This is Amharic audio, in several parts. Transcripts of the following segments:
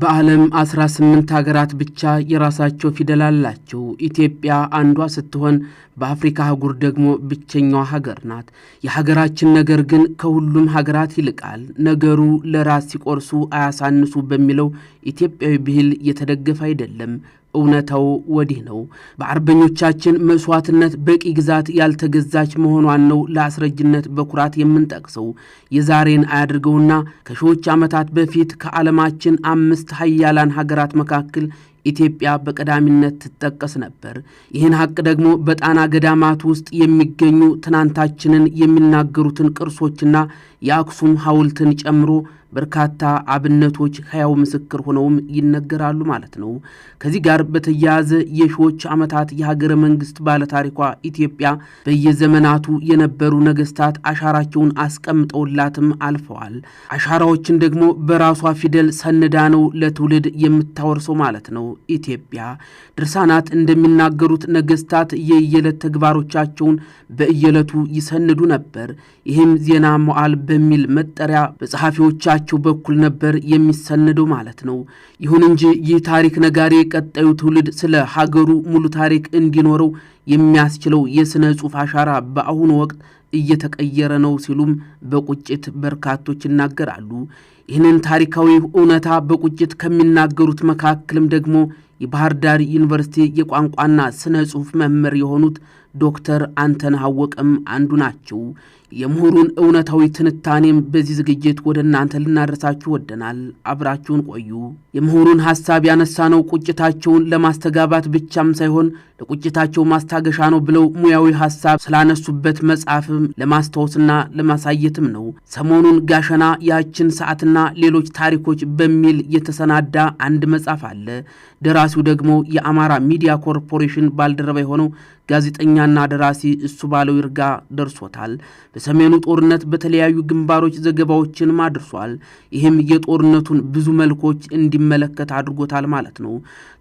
በዓለም 18 ሀገራት ብቻ የራሳቸው ፊደል አላቸው። ኢትዮጵያ አንዷ ስትሆን በአፍሪካ አህጉር ደግሞ ብቸኛዋ ሀገር ናት። የሀገራችን ነገር ግን ከሁሉም ሀገራት ይልቃል። ነገሩ ለራስ ሲቆርሱ አያሳንሱ በሚለው ኢትዮጵያዊ ብሂል የተደገፈ አይደለም። እውነታው ወዲህ ነው። በአርበኞቻችን መስዋዕትነት በቂ ግዛት ያልተገዛች መሆኗን ነው ለአስረጅነት በኩራት የምንጠቅሰው። የዛሬን አያድርገውና ከሺዎች ዓመታት በፊት ከዓለማችን አምስት ሀያላን ሀገራት መካከል ኢትዮጵያ በቀዳሚነት ትጠቀስ ነበር። ይህን ሀቅ ደግሞ በጣና ገዳማት ውስጥ የሚገኙ ትናንታችንን የሚናገሩትን ቅርሶችና የአክሱም ሐውልትን ጨምሮ በርካታ አብነቶች ሕያው ምስክር ሆነውም ይነገራሉ ማለት ነው። ከዚህ ጋር በተያያዘ የሺዎች ዓመታት የሀገረ መንግስት ባለታሪኳ ኢትዮጵያ በየዘመናቱ የነበሩ ነገስታት አሻራቸውን አስቀምጠውላትም አልፈዋል። አሻራዎችን ደግሞ በራሷ ፊደል ሰንዳ ነው ለትውልድ የምታወርሰው ማለት ነው። ኢትዮጵያ ድርሳናት እንደሚናገሩት ነገስታት የየዕለት ተግባሮቻቸውን በእየዕለቱ ይሰንዱ ነበር። ይህም ዜና መዋዕል በሚል መጠሪያ በጸሐፊዎቻቸው በራሳቸው በኩል ነበር የሚሰነደው ማለት ነው። ይሁን እንጂ ይህ ታሪክ ነጋሪ ቀጣዩ ትውልድ ስለ ሀገሩ ሙሉ ታሪክ እንዲኖረው የሚያስችለው የሥነ ጽሑፍ አሻራ በአሁኑ ወቅት እየተቀየረ ነው ሲሉም በቁጭት በርካቶች ይናገራሉ። ይህንን ታሪካዊ እውነታ በቁጭት ከሚናገሩት መካከልም ደግሞ የባህር ዳር ዩኒቨርሲቲ የቋንቋና ሥነ ጽሑፍ መምህር የሆኑት ዶክተር አንተነህ አወቀም አንዱ ናቸው። የምሁሩን እውነታዊ ትንታኔም በዚህ ዝግጅት ወደ እናንተ ልናደርሳችሁ ወደናል። አብራችሁን ቆዩ። የምሁሩን ሀሳብ ያነሳነው ቁጭታቸውን ለማስተጋባት ብቻም ሳይሆን ለቁጭታቸው ማስታገሻ ነው ብለው ሙያዊ ሀሳብ ስላነሱበት መጽሐፍም ለማስታወስና ለማሳየትም ነው። ሰሞኑን ጋሸና ያችን ሰዓትና ሌሎች ታሪኮች በሚል የተሰናዳ አንድ መጽሐፍ አለ። ደራሲው ደግሞ የአማራ ሚዲያ ኮርፖሬሽን ባልደረባ የሆነው ጋዜጠኛና ደራሲ እሱ ባለው ይርጋ ደርሶታል። በሰሜኑ ጦርነት በተለያዩ ግንባሮች ዘገባዎችንም አድርሷል። ይህም የጦርነቱን ብዙ መልኮች እንዲመለከት አድርጎታል ማለት ነው።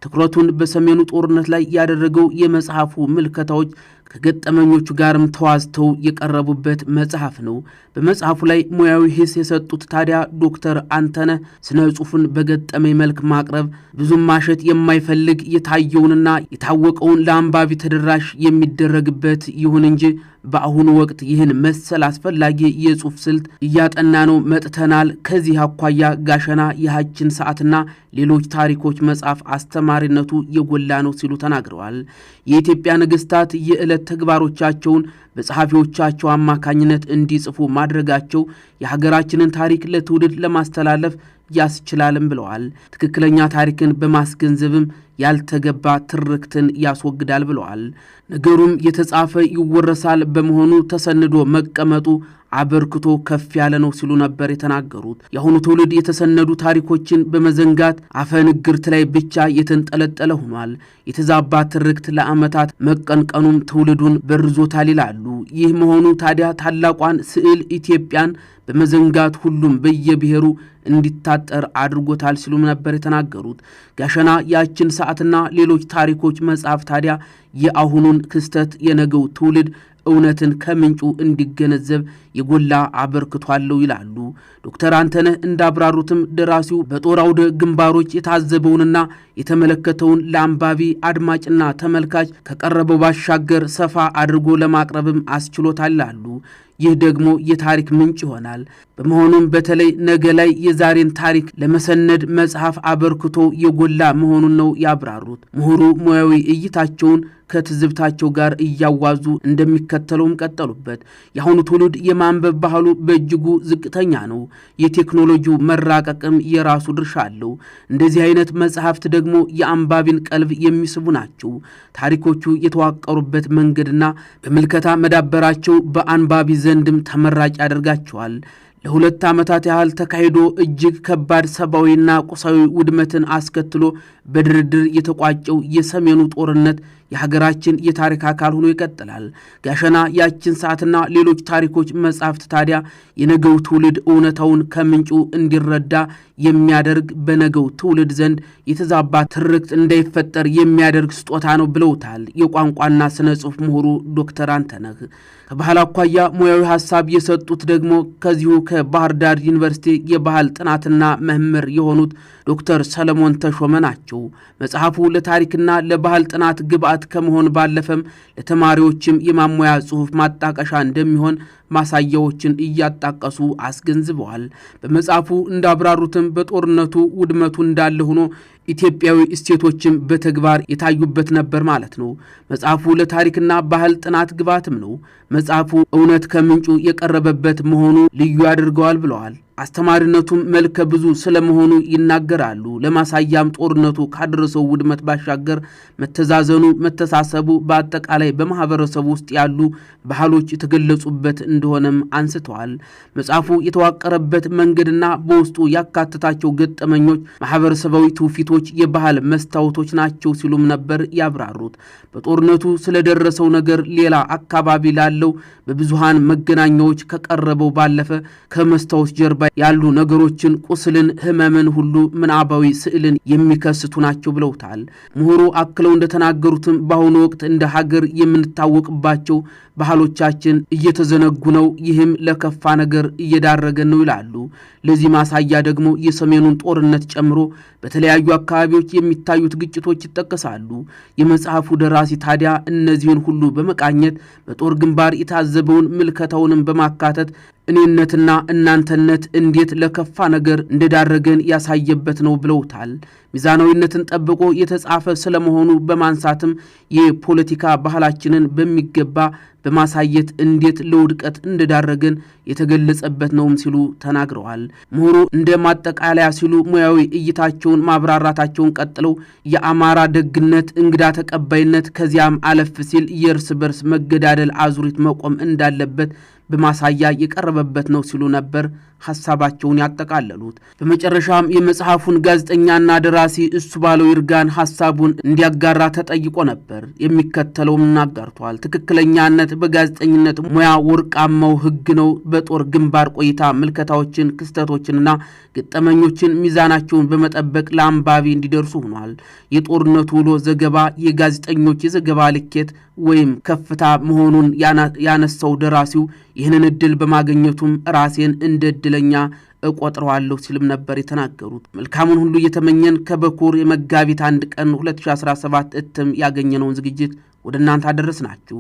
ትኩረቱን በሰሜኑ ጦርነት ላይ ያደረገው የመጽሐፉ ምልከታዎች ከገጠመኞቹ ጋርም ተዋዝተው የቀረቡበት መጽሐፍ ነው። በመጽሐፉ ላይ ሙያዊ ሂስ የሰጡት ታዲያ ዶክተር አንተነህ ስነ ጽሑፉን በገጠመኝ መልክ ማቅረብ ብዙም ማሸት የማይፈልግ የታየውንና የታወቀውን ለአንባቢ ተደራሽ የሚደረግበት ይሁን እንጂ በአሁኑ ወቅት ይህን መሰል አስፈላጊ የጽሑፍ ስልት እያጠና ነው መጥተናል። ከዚህ አኳያ ጋሸና የሀችን ሰዓትና ሌሎች ታሪኮች መጽሐፍ አስተማሪነቱ የጎላ ነው ሲሉ ተናግረዋል። የኢትዮጵያ ነገስታት የዕለት ተግባሮቻቸውን በጸሐፊዎቻቸው አማካኝነት እንዲጽፉ ማድረጋቸው የሀገራችንን ታሪክ ለትውልድ ለማስተላለፍ ያስችላልም ብለዋል። ትክክለኛ ታሪክን በማስገንዘብም ያልተገባ ትርክትን ያስወግዳል ብለዋል። ነገሩም የተጻፈ ይወረሳል በመሆኑ ተሰንዶ መቀመጡ አበርክቶ ከፍ ያለ ነው ሲሉ ነበር የተናገሩት። የአሁኑ ትውልድ የተሰነዱ ታሪኮችን በመዘንጋት አፈንግርት ላይ ብቻ የተንጠለጠለ ሆኗል። የተዛባ ትርክት ለዓመታት መቀንቀኑም ትውልዱን በርዞታል ይላሉ። ይህ መሆኑ ታዲያ ታላቋን ስዕል ኢትዮጵያን በመዘንጋት ሁሉም በየብሔሩ እንዲታጠር አድርጎታል ሲሉም ነበር የተናገሩት። ጋሸና ያችን ሰዓትና ሌሎች ታሪኮች መጽሐፍ ታዲያ የአሁኑን ክስተት የነገው ትውልድ እውነትን ከምንጩ እንዲገነዘብ የጎላ አበርክቷለሁ ይላሉ ዶክተር አንተነህ። እንዳብራሩትም ደራሲው በጦር አውደ ግንባሮች የታዘበውንና የተመለከተውን ለአንባቢ አድማጭና ተመልካች ከቀረበው ባሻገር ሰፋ አድርጎ ለማቅረብም አስችሎታል ይላሉ። ይህ ደግሞ የታሪክ ምንጭ ይሆናል። በመሆኑም በተለይ ነገ ላይ የዛሬን ታሪክ ለመሰነድ መጽሐፍ አበርክቶ የጎላ መሆኑን ነው ያብራሩት ምሁሩ ሙያዊ እይታቸውን ከትዝብታቸው ጋር እያዋዙ እንደሚከተለውም ቀጠሉበት። የአሁኑ ትውልድ የማንበብ ባህሉ በእጅጉ ዝቅተኛ ነው። የቴክኖሎጂው መራቀቅም የራሱ ድርሻ አለው። እንደዚህ አይነት መጽሐፍት ደግሞ የአንባቢን ቀልብ የሚስቡ ናቸው። ታሪኮቹ የተዋቀሩበት መንገድና በምልከታ መዳበራቸው በአንባቢ ዘንድም ተመራጭ ያደርጋቸዋል። ለሁለት ዓመታት ያህል ተካሂዶ እጅግ ከባድ ሰብአዊና ቁሳዊ ውድመትን አስከትሎ በድርድር የተቋጨው የሰሜኑ ጦርነት የሀገራችን የታሪክ አካል ሆኖ ይቀጥላል። ጋሸና ያችን ሰዓትና ሌሎች ታሪኮች መጻሕፍት ታዲያ የነገው ትውልድ እውነታውን ከምንጩ እንዲረዳ የሚያደርግ በነገው ትውልድ ዘንድ የተዛባ ትርክት እንዳይፈጠር የሚያደርግ ስጦታ ነው ብለውታል የቋንቋና ስነ ጽሑፍ ምሁሩ ዶክተር አንተነህ። ከባህል አኳያ ሙያዊ ሀሳብ የሰጡት ደግሞ ከዚሁ ከባህር ዳር ዩኒቨርሲቲ የባህል ጥናትና መምህር የሆኑት ዶክተር ሰለሞን ተሾመ ናቸው። መጽሐፉ ለታሪክና ለባህል ጥናት ግብአት ከመሆን ባለፈም ለተማሪዎችም የማሟያ ጽሑፍ ማጣቀሻ እንደሚሆን ማሳያዎችን እያጣቀሱ አስገንዝበዋል። በመጽሐፉ እንዳብራሩትም በጦርነቱ ውድመቱ እንዳለ ሆኖ ኢትዮጵያዊ እሴቶችም በተግባር የታዩበት ነበር ማለት ነው። መጽሐፉ ለታሪክና ባህል ጥናት ግብዓትም ነው። መጽሐፉ እውነት ከምንጩ የቀረበበት መሆኑ ልዩ ያደርገዋል ብለዋል። አስተማሪነቱም መልከ ብዙ ስለመሆኑ ይናገራሉ። ለማሳያም ጦርነቱ ካደረሰው ውድመት ባሻገር መተዛዘኑ፣ መተሳሰቡ በአጠቃላይ በማህበረሰቡ ውስጥ ያሉ ባህሎች የተገለጹበት እንደሆነም አንስተዋል። መጽሐፉ የተዋቀረበት መንገድና በውስጡ ያካተታቸው ገጠመኞች ማህበረሰባዊ ትውፊቶች፣ የባህል መስታወቶች ናቸው ሲሉም ነበር ያብራሩት። በጦርነቱ ስለደረሰው ነገር ሌላ አካባቢ ላለው በብዙሃን መገናኛዎች ከቀረበው ባለፈ ከመስታወት ጀርባ ያሉ ነገሮችን፣ ቁስልን፣ ህመምን ሁሉ ምናባዊ ስዕልን የሚከስቱ ናቸው ብለውታል። ምሁሩ አክለው እንደተናገሩትም በአሁኑ ወቅት እንደ ሀገር የምንታወቅባቸው ባህሎቻችን እየተዘነጉ ነው። ይህም ለከፋ ነገር እየዳረገን ነው ይላሉ። ለዚህ ማሳያ ደግሞ የሰሜኑን ጦርነት ጨምሮ በተለያዩ አካባቢዎች የሚታዩት ግጭቶች ይጠቀሳሉ። የመጽሐፉ ደራሲ ታዲያ እነዚህን ሁሉ በመቃኘት በጦር ግንባር የታዘበውን ምልከታውንም በማካተት እኔነትና እናንተነት እንዴት ለከፋ ነገር እንደዳረገን ያሳየበት ነው ብለውታል። ሚዛናዊነትን ጠብቆ የተጻፈ ስለመሆኑ በማንሳትም የፖለቲካ ባህላችንን በሚገባ በማሳየት እንዴት ለውድቀት እንደዳረገን የተገለጸበት ነውም ሲሉ ተናግረዋል። ምሁሩ እንደ ማጠቃለያ ሲሉ ሙያዊ እይታቸውን ማብራራታቸውን ቀጥለው የአማራ ደግነት፣ እንግዳ ተቀባይነት ከዚያም አለፍ ሲል የእርስ በርስ መገዳደል አዙሪት መቆም እንዳለበት በማሳያ የቀረበበት ነው ሲሉ ነበር ሀሳባቸውን ያጠቃለሉት። በመጨረሻም የመጽሐፉን ጋዜጠኛና ደራሲ እሱ ባለው ይርጋን ሀሳቡን እንዲያጋራ ተጠይቆ ነበር። የሚከተለውም እናጋርቷል። ትክክለኛነት በጋዜጠኝነት ሙያ ወርቃማው ሕግ ነው። በጦር ግንባር ቆይታ ምልከታዎችን፣ ክስተቶችንና ገጠመኞችን ሚዛናቸውን በመጠበቅ ለአንባቢ እንዲደርሱ ሆኗል። የጦርነቱ ውሎ ዘገባ የጋዜጠኞች የዘገባ ልኬት ወይም ከፍታ መሆኑን ያነሳው ደራሲው ይህንን እድል በማግኘቱም ራሴን እንደ እድለኛ እቆጥረዋለሁ ሲልም ነበር የተናገሩት። መልካሙን ሁሉ እየተመኘን ከበኩር የመጋቢት አንድ ቀን 2017 እትም ያገኘነውን ዝግጅት ወደ እናንተ አደረስናችሁ።